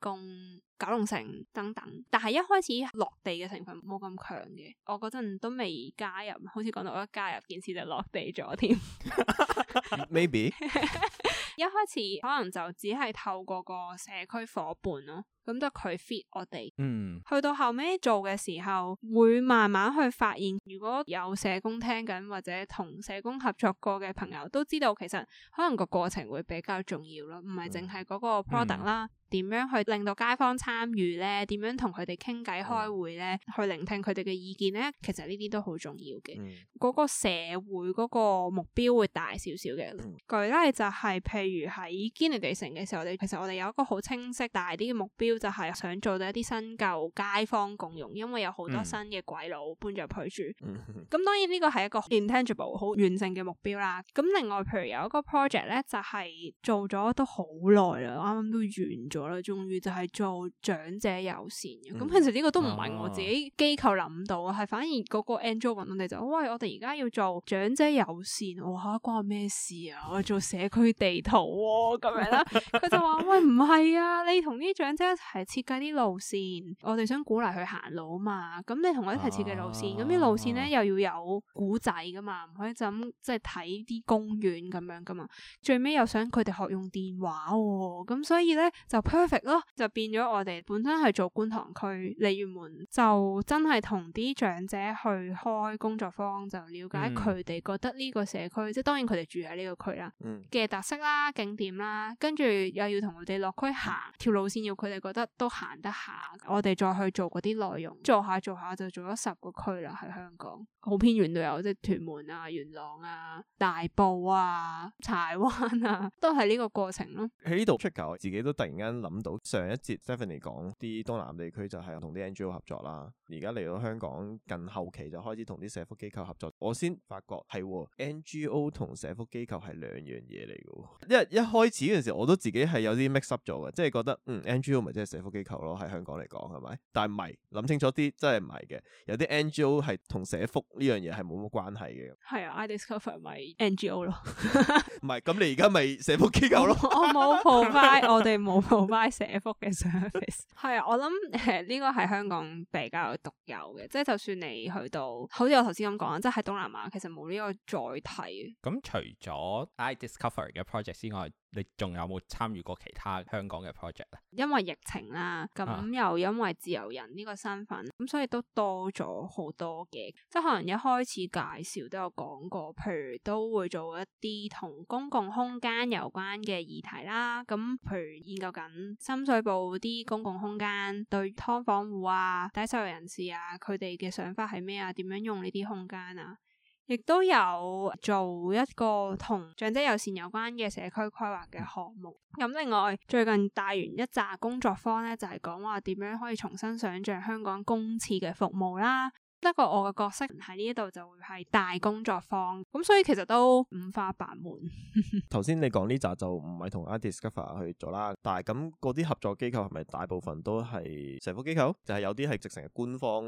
貢、九龍城等等，但係一開始落地嘅成分冇咁強嘅，我嗰陣都未加入，好似講到我一加入件事就落地咗添 ，maybe 一開始可能就只係透過個社區夥伴咯、啊。咁得佢 fit 我哋，嗯，去到後尾做嘅時候，會慢慢去發現。如果有社工聽緊或者同社工合作過嘅朋友都知道，其實可能個過程會比較重要咯，唔係淨係個 product 啦。點樣去令到街坊參與咧？點樣同佢哋傾偈開會咧？嗯、去聆聽佢哋嘅意見咧？其實呢啲都好重要嘅。嗰、嗯、個社會個目標會大少少嘅。舉例、嗯、就係、是、譬如喺堅尼地城嘅時候，我哋其實我哋有一個好清晰大啲嘅目標。就係想做咗一啲新舊街坊共用，因為有好多新嘅鬼佬搬入去住。咁、嗯、當然呢個係一個 intangible 好完性嘅目標啦。咁另外譬如有一個 project 咧，就係、是、做咗都好耐啦，啱啱都完咗啦，終於就係做長者友善咁、嗯、其實呢個都唔係我自己機構諗到、嗯、啊，係反而嗰個 Andrew 問我哋就：喂，我哋而家要做長者友善，哇，啊、關我咩事啊？我做社區地圖咁、啊、樣啦。佢 就話：喂，唔係啊，你同啲長者。係設計啲路線，我哋想鼓勵佢行路嘛，咁你同我一齊設計路線，咁啲、啊、路線咧又要有古仔噶嘛，唔可以就咁即係睇啲公園咁樣噶嘛，最尾又想佢哋學用電話、哦，咁所以咧就 perfect 咯，就變咗我哋本身係做觀塘區，鯉魚門就真係同啲長者去開工作坊，就了解佢哋覺得呢個社區，嗯、即係當然佢哋住喺呢個區啦嘅特色啦、景點啦，跟住又要同佢哋落區行條、嗯、路線，要佢哋覺得。得都行得下，我哋再去做嗰啲內容，做下做下就做咗十個區啦。喺香港好偏遠都有，即係屯門啊、元朗啊、大埔啊、柴灣啊，都係呢個過程咯。喺呢度出嚟，我自己都突然間諗到上一節 Stephanie 講啲東南地區就係同啲 NGO 合作啦。而家嚟到香港近後期就開始同啲社福機構合作，我先發覺係 NGO 同社福機構係兩樣嘢嚟嘅，因為一開始嗰陣時我都自己係有啲 mix up 咗嘅，即係覺得嗯 NGO 咪即係社福機構咯，喺香港嚟講係咪？但係唔係，諗清楚啲真係唔係嘅，有啲 NGO 係同社福呢樣嘢係冇乜關係嘅。係啊，I discover 咪 NGO 咯，唔係，咁你而家咪社福機構咯， 我冇 provide 我哋冇 provide 社福嘅 service。係 啊，我諗誒呢個係香港比較。獨有嘅，即係就算你去到，好似我頭先咁講，即係喺東南亞，其實冇呢個載體。咁，嗯，除咗 I Discover 嘅 project 之外。你仲有冇參與過其他香港嘅 project 咧因為疫情啦，咁又因為自由人呢個身份，咁、啊、所以都多咗好多嘅，即係可能一開始介紹都有講過，譬如都會做一啲同公共空間有關嘅議題啦，咁譬如研究緊深水埗啲公共空間對劏房戶啊、低收入人士啊，佢哋嘅想法係咩啊？點樣用呢啲空間啊？亦都有做一個同長者友善有關嘅社區規劃嘅項目，咁另外最近帶完一紮工作坊咧，就係講話點樣可以重新想象香港公廁嘅服務啦。不過我嘅角色喺呢一度就會係大工作坊，咁所以其實都五花八門。頭 先你講呢扎就唔係同 iDiscover 去做啦，但係咁嗰啲合作機構係咪大部分都係社福機構？就係、是、有啲係直成嘅官方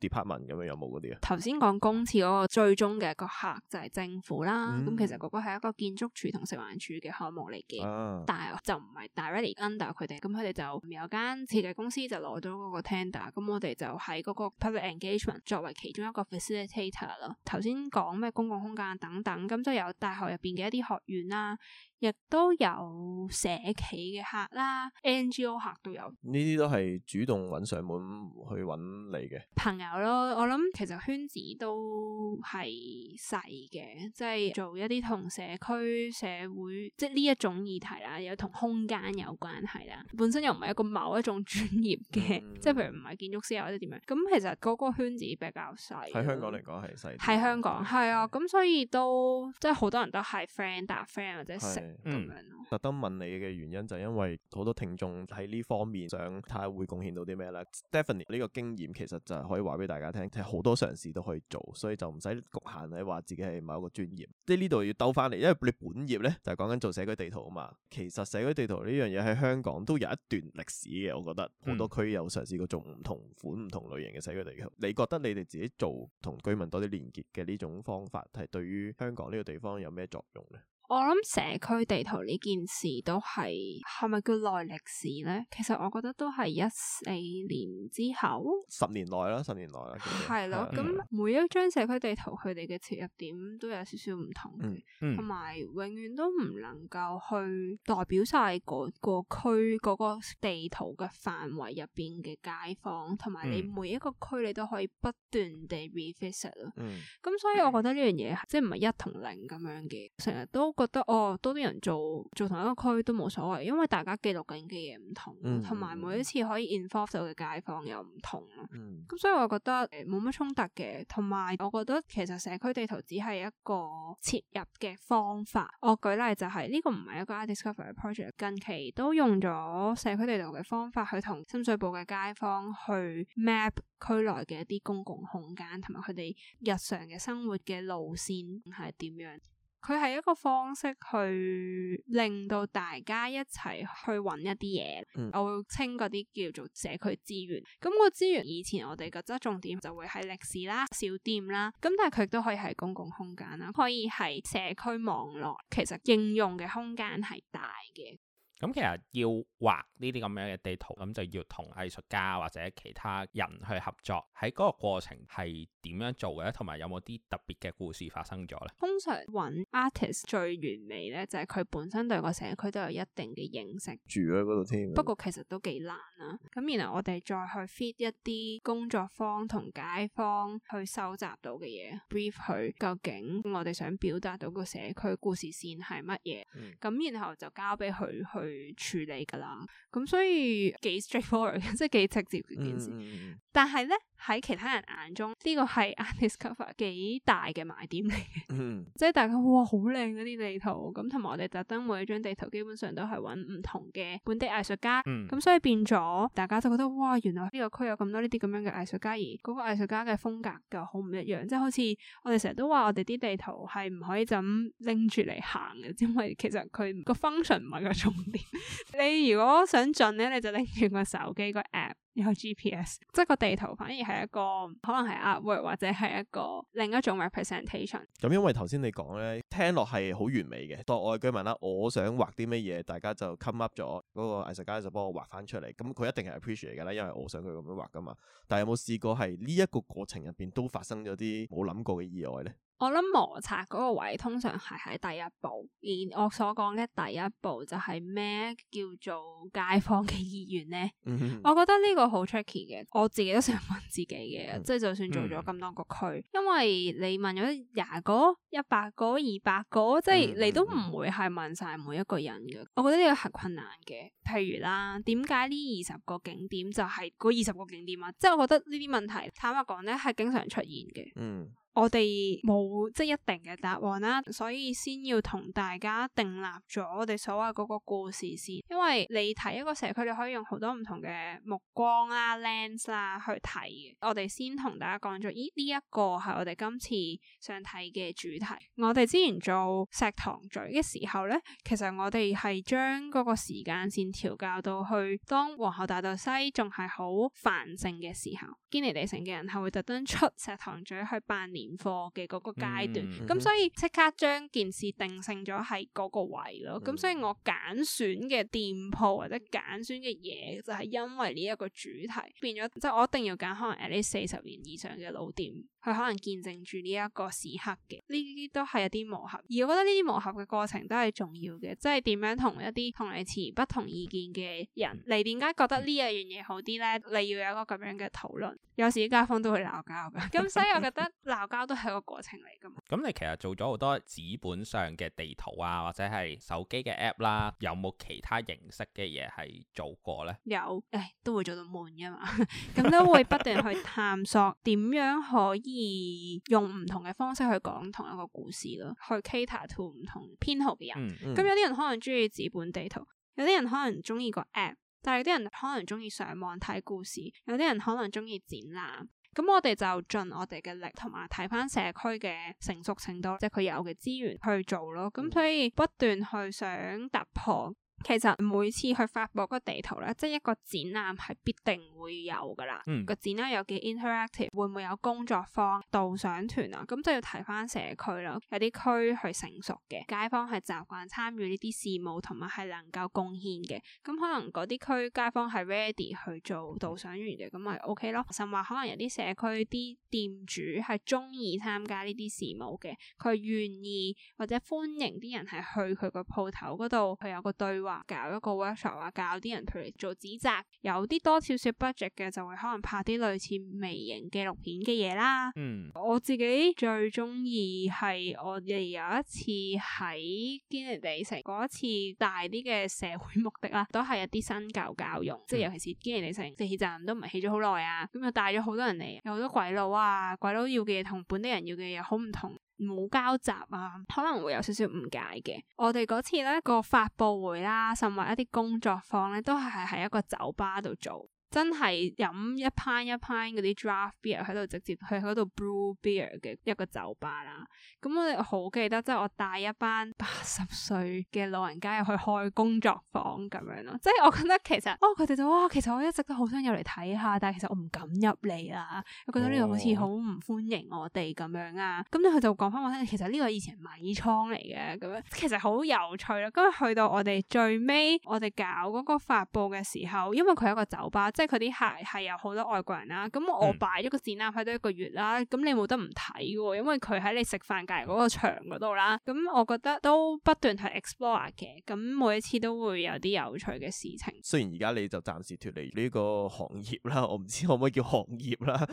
department 咁樣有冇嗰啲啊？頭先講公廁嗰個最終嘅個客就係政府啦，咁、嗯、其實嗰個係一個建築署同食環署嘅項目嚟嘅，啊、但係就唔係 directly under 佢哋，咁佢哋就有間設計公司就攞咗嗰個 tender，咁我哋就喺嗰個 public engagement 做為其中一個 facilitator 啦，頭先講咩公共空間等等，咁即係有大學入邊嘅一啲學院啦、啊。亦都有社企嘅客啦，NGO 客都有。呢啲都係主動揾上門去揾你嘅朋友咯。我諗其實圈子都係細嘅，即係做一啲同社區社會即係呢一種議題啦，又同空間有關係啦。本身又唔係一個某一種專業嘅，嗯、即係譬如唔係建築師啊或者點樣，咁其實嗰個圈子比較細，喺香港嚟講係細，喺香港係啊，咁所以都即係好多人都係 friend 打 friend 或者食。嗯，特登問你嘅原因就因為好多聽眾喺呢方面想睇下會貢獻到啲咩咧。 Stephanie 呢個經驗其實就係可以話俾大家聽，睇、就、好、係、多嘗試都可以做，所以就唔使局限係話自己係某一個專業。即係呢度要兜翻嚟，因為你本業咧就係講緊做社區地圖啊嘛。其實社區地圖呢樣嘢喺香港都有一段歷史嘅，我覺得好多區有嘗試過做唔同款、唔同類型嘅社區地圖。嗯、你覺得你哋自己做同居民多啲連結嘅呢種方法，係對於香港呢個地方有咩作用咧？我諗社區地圖呢件事都係係咪叫耐歷史咧？其實我覺得都係一四年之後十年內啦，十年內啦。係咯，咁的的每一張社區地圖佢哋嘅切入點都有少少唔同嘅，同埋、嗯嗯、永遠都唔能夠去代表晒嗰個，個區嗰個，個地圖嘅範圍入邊嘅街坊，同埋你每一個區你都可以不斷地 reface it 咯。咁、嗯、所以我覺得呢樣嘢即係唔係一同零咁樣嘅，成日都。覺得哦，多啲人做做同一個區都冇所謂，因為大家記錄緊嘅嘢唔同，同埋、嗯、每一次可以 involve 到嘅街坊又唔同，咁、嗯、所以我覺得冇乜衝突嘅。同埋我覺得其實社區地圖只係一個切入嘅方法。我舉例就係、是、呢、這個唔係一個 iDiscover project，近期都用咗社區地圖嘅方法去同深水埗嘅街坊去 map 區內嘅一啲公共空間，同埋佢哋日常嘅生活嘅路線係點樣。佢係一個方式去令到大家一齊去搵一啲嘢，嗯、我會稱嗰啲叫做社區資源。咁個資源以前我哋嘅側重點就會係歷史啦、小店啦，咁但係佢都可以喺公共空間啦，可以喺社區網絡，其實應用嘅空間係大嘅。咁其實要畫呢啲咁樣嘅地圖，咁就要同藝術家或者其他人去合作。喺嗰個過程係點樣做嘅？同埋有冇啲特別嘅故事發生咗咧？通常揾 artist 最完美咧，就係佢本身對個社區都有一定嘅認識，住喺嗰度添。不過其實都幾難啊。咁然後我哋再去 feed 一啲工作坊同街坊去收集到嘅嘢，brief 佢究竟我哋想表達到個社區故事線係乜嘢。咁、嗯、然後就交俾佢去處理噶啦，咁所以幾 straightforward，即係幾直接件事，嗯、但係咧。喺其他人眼中，呢、這個係 iDiscover 幾大嘅賣點嚟嘅，嗯、即係大家哇好靚嗰啲地圖，咁同埋我哋特登每張地圖基本上都係揾唔同嘅本地藝術家，咁、嗯、所以變咗大家都覺得哇，原來呢個區有咁多呢啲咁樣嘅藝術家，而嗰個藝術家嘅風格就好唔一樣，即係好似我哋成日都話我哋啲地圖係唔可以咁拎住嚟行嘅，因為其實佢個 function 唔係個重點。 你如果想進咧，你就拎住個手機個 app。有 GPS，即係個地圖反而係一個可能係 artwork 或者係一個另一種 representation。咁因為頭先你講咧，聽落係好完美嘅。當我係居民啦，我想畫啲乜嘢，大家就 come up 咗嗰、那個藝術家就幫我畫翻出嚟。咁佢一定係 appreciate 嚟噶啦，因為我想佢咁樣畫噶嘛。但係有冇試過係呢一個過程入邊都發生咗啲冇諗過嘅意外咧？我諗摩擦嗰個位通常係喺第一步，而我所講嘅第一步就係咩叫做街坊嘅意願咧？嗯、哼我覺得呢個好 tricky 嘅，我自己都想問自己嘅，即係、嗯、就算做咗咁多個區，因為你問咗廿個、一百個、二百個，即係你都唔會係問晒每一個人嘅。我覺得呢個係困難嘅。譬如啦，點解呢二十個景點就係嗰二十個景點啊？即係我覺得呢啲問題坦白講咧係經常出現嘅。嗯。我哋冇即係一定嘅答案啦，所以先要同大家訂立咗我哋所謂嗰個故事先。因為你睇一個社區，你可以用好多唔同嘅目光啦、lens 啦去睇嘅。我哋先同大家講咗咦，呢一個係我哋今次想睇嘅主題。我哋之前做石塘咀嘅時候咧，其實我哋係將嗰個時間線調校到去當皇后大道西仲係好繁盛嘅時候，堅尼地城嘅人係會特登出石塘咀去辦年。現貨嘅嗰個階段，咁、嗯、所以即刻將件事定性咗係嗰個位咯，咁、嗯、所以我揀選嘅店鋪或者揀選嘅嘢就係因為呢一個主題變咗，即、就、係、是、我一定要揀可能 a 呢四十年以上嘅老店。佢可能見證住呢一個時刻嘅，呢啲都係一啲磨合，而我覺得呢啲磨合嘅過程都係重要嘅，即係點樣同一啲同你持不同意見嘅人，嗯、你點解覺得呢樣嘢好啲呢？你要有一個咁樣嘅討論，有時街坊都會鬧交噶，咁所以我覺得鬧交都係個過程嚟噶嘛。咁 你其實做咗好多紙本上嘅地圖啊，或者係手機嘅 app 啦、啊，有冇其他形式嘅嘢係做過呢？有，誒、哎、都會做到悶噶嘛，咁 都會不斷去探索點 樣可以。可以用唔同嘅方式去講同一個故事咯，去 cater to 唔同偏好嘅人。咁、嗯嗯、有啲人可能中意紙本地圖，有啲人可能中意個 app，但係有啲人可能中意上網睇故事，有啲人可能中意展覽。咁我哋就盡我哋嘅力，同埋睇翻社區嘅成熟程度，即係佢有嘅資源去做咯。咁所以不斷去想突破。其實每次去發佈個地圖咧，即係一個展覽係必定會有㗎啦。個、嗯、展覽有幾 interactive，會唔會有工作坊導賞團啊？咁就要提翻社區啦。有啲區係成熟嘅，街坊係習慣參與呢啲事務同埋係能夠貢獻嘅。咁可能啲區街坊係 ready 去做導賞員嘅，咁咪 OK 咯。甚至可能有啲社區啲店主係中意參加呢啲事務嘅，佢願意或者歡迎啲人係去佢個鋪頭度，佢有個對話。搞一個 workshop 話教啲人，譬如做製作，有啲多少少 budget 嘅，就會可能拍啲類似微型紀錄片嘅嘢啦。嗯，我自己最中意係我哋有一次喺堅尼地城嗰一次大啲嘅社會目的啦，都係一啲新舊交融，嗯、即係尤其是堅尼地城，地鐵站都唔係起咗好耐啊，咁就帶咗好多人嚟，有好多鬼佬啊，鬼佬要嘅嘢同本地人要嘅嘢好唔同。冇交集啊，可能會有少少誤解嘅。我哋嗰次呢個發布會啦，甚至一啲工作坊呢，都係喺一個酒吧度做。真係飲一派一派嗰啲 draft beer 喺度，直接去嗰度 blue beer 嘅一個酒吧啦。咁我哋好記得，即係我帶一班八十歲嘅老人家入去開工作坊咁樣咯。即係我覺得其實，哦，佢哋就哇，其實我一直都好想入嚟睇下，但係其實我唔敢入嚟啦。我覺得呢度好似好唔歡迎我哋咁樣啊。咁咧佢就講翻我聽，其實呢個以前米倉嚟嘅，咁樣其實好有趣啦。咁去到我哋最尾，我哋搞嗰個發布嘅時候，因為佢係一個酒吧即係佢啲鞋係有好多外國人啦、啊，咁我擺咗個展覽喺度一個月啦、啊，咁你冇得唔睇嘅，因為佢喺你食飯隔籬嗰個場嗰度啦。咁我覺得都不斷去 explore 嘅，咁每一次都會有啲有趣嘅事情。雖然而家你就暫時脫離呢個行業啦，我唔知可唔可以叫行業啦。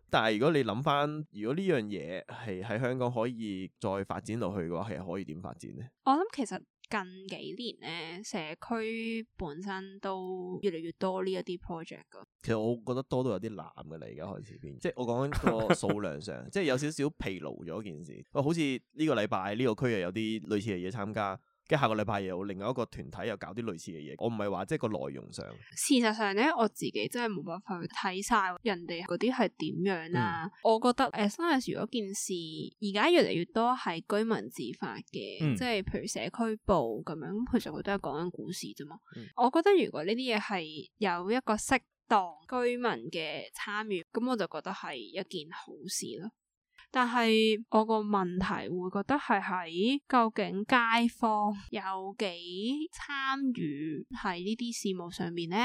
但係如果你諗翻，如果呢樣嘢係喺香港可以再發展落去嘅話，係可以點發展呢？我諗其實。近幾年咧，社區本身都越嚟越多呢一啲 project 噶。其實我覺得多都有啲難嘅啦，而家開始變，即係我講緊個數量上， 即係有少少疲勞咗件事。我好似呢個禮拜呢、呢個區又有啲類似嘅嘢參加。下個禮拜有另外一個團體又搞啲類似嘅嘢，我唔係話即係個內容上。事實上咧，我自己真係冇辦法去睇晒人哋嗰啲係點樣啊。嗯、我覺得誒 sometimes 件事而家越嚟越多係居民自發嘅，嗯、即係譬如社區報咁樣，其實佢都係講緊故事啫嘛。嗯、我覺得如果呢啲嘢係有一個適當居民嘅參與，咁我就覺得係一件好事啦。但係我個問題會覺得係喺究竟街坊有幾參與喺呢啲事務上面呢？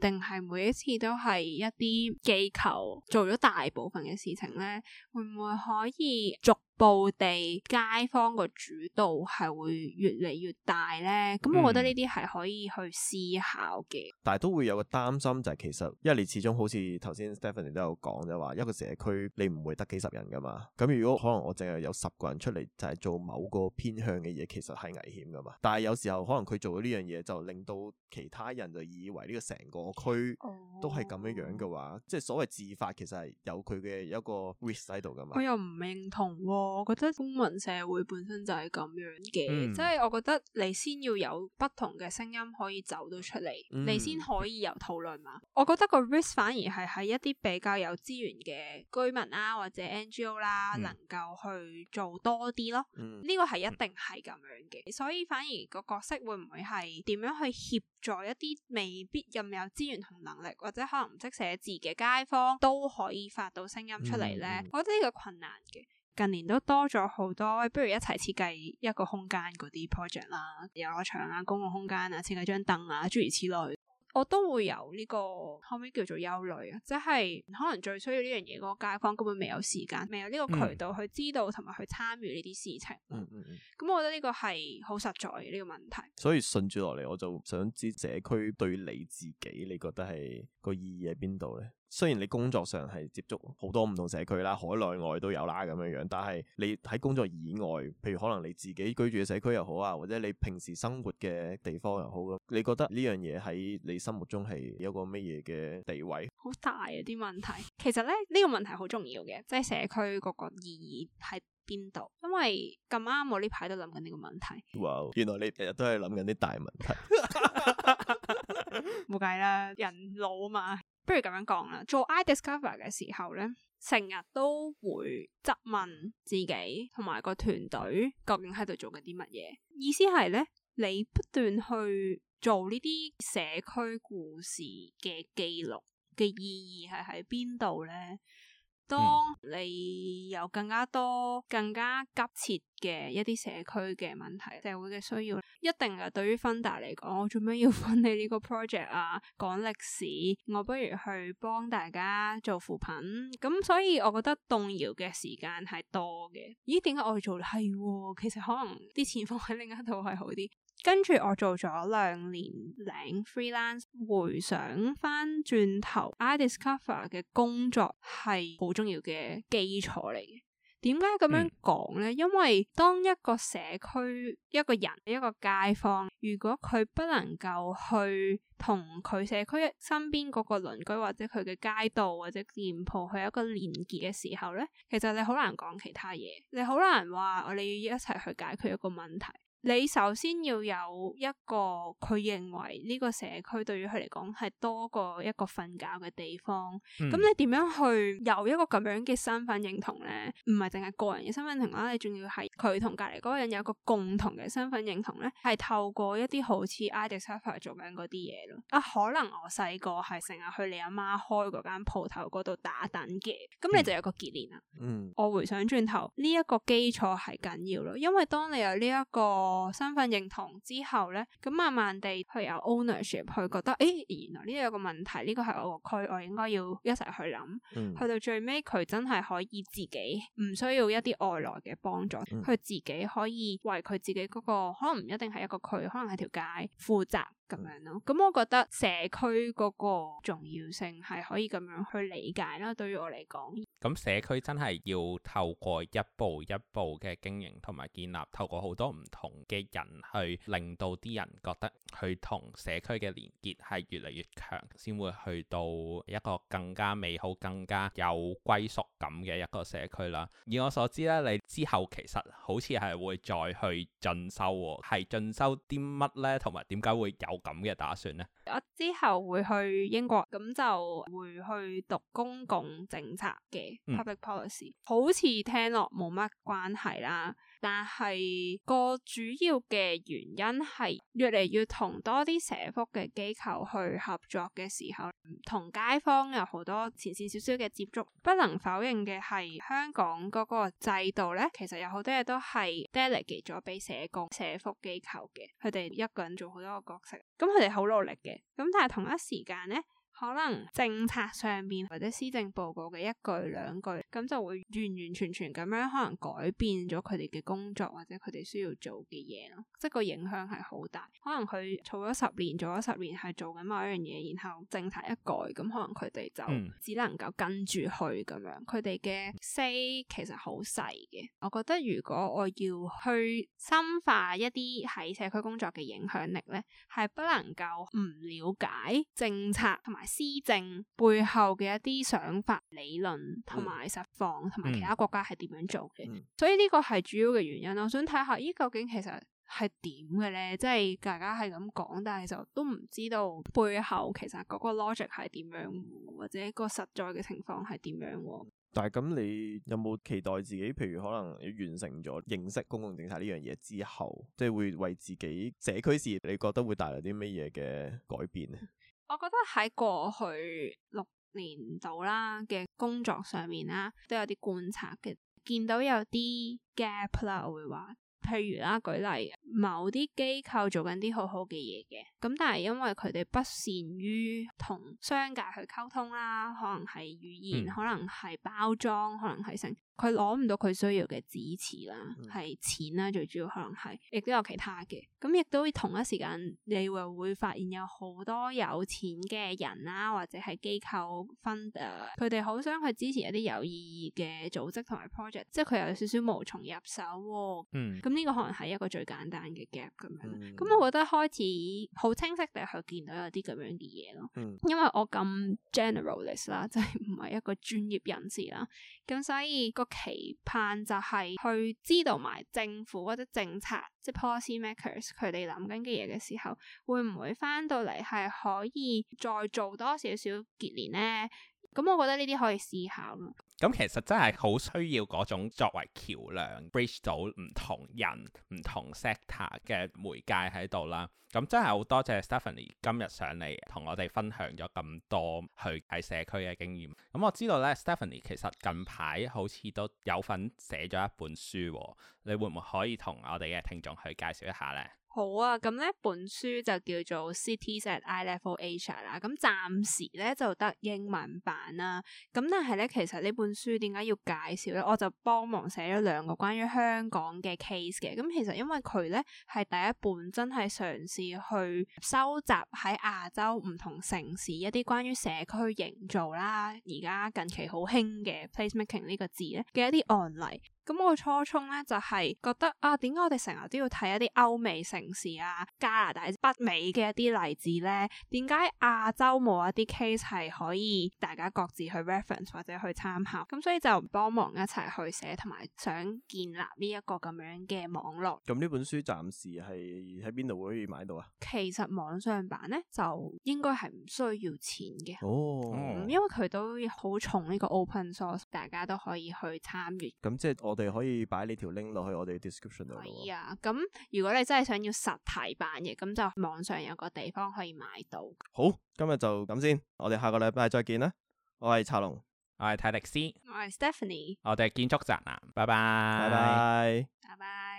定係每一次都係一啲機構做咗大部分嘅事情呢？會唔會可以逐步地街坊個主導係會越嚟越大咧，咁我覺得呢啲係可以去思考嘅、嗯。但係都會有個擔心，就係其實因為你始終好似頭先 Stephanie 都有講就話一個社區你唔會得幾十人噶嘛。咁如果可能我淨係有十個人出嚟就係做某個偏向嘅嘢，其實係危險噶嘛。但係有時候可能佢做咗呢樣嘢，就令到其他人就以為呢個成個區都係咁樣樣嘅話，哦、即係所謂自發其實係有佢嘅一個 risk 喺度噶嘛。佢又唔認同喎。哦。我覺得公民社會本身就係咁樣嘅，嗯、即係我覺得你先要有不同嘅聲音可以走到出嚟，嗯、你先可以有討論嘛。我覺得個 risk 反而係喺一啲比較有資源嘅居民啊，或者 NGO 啦，嗯、能夠去做多啲咯。呢、嗯、個係一定係咁樣嘅，所以反而個角色會唔會係點樣去協助一啲未必咁有資源同能力，或者可能唔識寫字嘅街坊都可以發到聲音出嚟呢？嗯嗯、我覺得呢個困難嘅。近年都多咗好多、哎，不如一齊設計一個空間嗰啲 project 啦，遊樂場啊，公共空間啊，設計張凳啊，諸如此類，我都會有呢個後尾叫做憂慮啊，即係可能最需要呢樣嘢嗰個街坊根本未有時間，未有呢個渠道去知道同埋去參與呢啲事情。嗯嗯咁、嗯嗯嗯、我覺得呢個係好實在嘅呢個問題。所以順住落嚟，我就想知社區對你自己，你覺得係個意義喺邊度咧？雖然你工作上係接觸好多唔同社區啦，海內外都有啦咁樣樣，但係你喺工作以外，譬如可能你自己居住嘅社區又好啊，或者你平時生活嘅地方又好咁，你覺得呢樣嘢喺你心目中係有個乜嘢嘅地位？好大啊！啲問題，其實咧呢，呢個問題好重要嘅，即係社區嗰個意義喺邊度？因為咁啱我呢排都諗緊呢個問題。哇！原來你日日都係諗緊啲大問題，冇計啦，人老啊嘛～不如咁樣講啦，做 iDiscover 嘅時候咧，成日都會質問自己同埋個團隊究竟喺度做緊啲乜嘢？意思係咧，你不斷去做呢啲社區故事嘅記錄嘅意義係喺邊度咧？當你有更加多、更加急切嘅一啲社區嘅問題、社會嘅需要，一定係對於芬達嚟講，我做咩要 fund 你呢個 project 啊？講歷史，我不如去幫大家做扶貧。咁所以，我覺得動搖嘅時間係多嘅。咦？點解我要做咧？係，其實可能啲錢放喺另一度係好啲。跟住我做咗兩年領 freelance，回想翻轉頭，iDiscover 嘅工作係好重要嘅基礎嚟嘅。點解咁樣講呢？嗯、因為當一個社區一個人一個街坊，如果佢不能夠去同佢社區身邊嗰個鄰居或者佢嘅街道或者店鋪去一個連結嘅時候呢，其實你好難講其他嘢，你好難話我哋要一齊去解決一個問題。你首先要有一個佢認為呢個社區對於佢嚟講係多過一個瞓覺嘅地方，咁、嗯、你點樣去有一個咁樣嘅身份認同咧？唔係淨係個人嘅身份認同啦、啊，你仲要係佢同隔籬嗰個人有一個共同嘅身份認同咧，係透過一啲好似 iDiscover 做緊嗰啲嘢咯。啊，可能我細個係成日去你阿媽開嗰間鋪頭嗰度打躉嘅，咁你就有一個結連啦、嗯。嗯，我回想轉頭呢一、這個基礎係緊要咯，因為當你有呢、這、一個。身份認同之後咧，咁慢慢地去有 ownership，去覺得誒、欸，原來呢有個問題，呢、這個係我個區，我應該要一齊去諗，去、嗯、到最尾佢真係可以自己唔需要一啲外來嘅幫助，佢、嗯、自己可以為佢自己嗰、那個可能唔一定係一個區，可能係條街負責咁樣咯。咁、嗯、我覺得社區嗰個重要性係可以咁樣去理解啦。對於我嚟講，咁社區真係要透過一步一步嘅經營同埋建立，透過好多唔同。嘅人去令到啲人覺得佢同社區嘅連結係越嚟越強，先會去到一個更加美好、更加有歸屬感嘅一個社區啦。以我所知咧，你之後其實好似係會再去進修，係進修啲乜咧？同埋點解會有咁嘅打算咧？我之後會去英國，咁就會去讀公共政策嘅 public policy，好似聽落冇乜關係啦。但係個主要嘅原因係越嚟越同多啲社福嘅機構去合作嘅時候，同街坊有好多前綫少少嘅接觸。不能否認嘅係香港嗰個制度咧，其實有好多嘢都係 delegate 咗俾社工、社福機構嘅，佢哋一個人做好多個角色。咁佢哋好努力嘅，咁但係同一時間咧。可能政策上邊或者施政報告嘅一句兩句，咁就會完完全全咁樣可能改變咗佢哋嘅工作或者佢哋需要做嘅嘢咯，即係個影響係好大。可能佢做咗十年，做咗十年係做緊某一樣嘢，然後政策一改，咁可能佢哋就只能夠跟住去咁樣。佢哋嘅 say 其實好細嘅。我覺得如果我要去深化一啲喺社區工作嘅影響力咧，係不能夠唔了解政策同埋。施政背後嘅一啲想法、理論同埋實況，同埋其他國家係點樣做嘅？嗯嗯、所以呢個係主要嘅原因。我想睇下，咦，究竟其實係點嘅咧？即係大家係咁講，但係就都唔知道背後其實嗰個 logic 係點樣，或者個實在嘅情況係點樣。但係咁，你有冇期待自己？譬如可能完成咗認識公共政策呢樣嘢之後，即係會為自己社區事業，你覺得會帶來啲乜嘢嘅改變，嗯我覺得喺過去六年度啦嘅工作上面啦，都有啲觀察嘅，見到有啲 gap 啦，我會話，譬如啦，舉例，某啲機構做緊啲好好嘅嘢嘅，咁但係因為佢哋不善於同商界去溝通啦，可能係語言，可能係包裝，可能係成。佢攞唔到佢需要嘅支持啦，係、嗯、錢啦，最主要可能係，亦都有其他嘅。咁亦都同一時間，你會會發現有好多有錢嘅人啦，啊，或者係機構 funder，佢哋好想去支持一啲有意義嘅組織同埋 project，即係佢有少少無從入手，啊。嗯，咁呢個可能係一個最簡單嘅 gap 咁樣。咁，嗯、我覺得開始好清晰地去見到有啲咁樣嘅嘢咯。嗯，因為我咁 generalist 啦，就係唔係一個專業人士啦，咁所以期盼就係去知道埋政府或者政策，即係 policy makers 佢哋諗緊嘅嘢嘅時候，會唔會翻到嚟係可以再做多少少結連咧？咁我覺得呢啲可以思考咯。咁其實真係好需要嗰種作為橋梁，bridge 到唔同人、唔同 sector 嘅媒介喺度啦。咁真係好多謝 Stephanie 今日上嚟同我哋分享咗咁多去喺社區嘅經驗。咁、嗯、我知道呢 Stephanie 其實近排好似都有份寫咗一本書喎。你會唔會可以同我哋嘅聽眾去介紹一下呢？好啊，咁呢本書就叫做 Cities at Eye Level Asia 啦，咁暫時咧就得英文版啦。咁但係咧，其實呢本書點解要介紹咧？我就幫忙寫咗兩個關於香港嘅 case 嘅。咁其實因為佢咧係第一本真係嘗試去收集喺亞洲唔同城市一啲關於社區營造啦，而家近期好興嘅 place making 呢個字咧嘅一啲案例。咁我初衷咧就係、是、覺得啊，點解我哋成日都要睇一啲歐美城市啊、加拿大、北美嘅一啲例子咧？點解亞洲冇一啲 case 係可以大家各自去 reference 或者去參考？咁所以就幫忙一齊去寫，同埋想建立呢一個咁樣嘅網絡。咁呢本書暫時係喺邊度可以買到啊？其實網上版咧就應該係唔需要錢嘅。哦、oh. 嗯，因為佢都好重呢個 open source，大家都可以去參與。咁即係。我哋可以擺呢條 link 落去我哋嘅 description 度。係啊，咁如果你真係想要實體版嘅，咁就網上有個地方可以買到。好，今日就咁先，我哋下個禮拜再見啦。我係策龍，我係泰迪斯，我係 Stephanie，我哋係建築宅男，拜拜，拜拜，拜拜。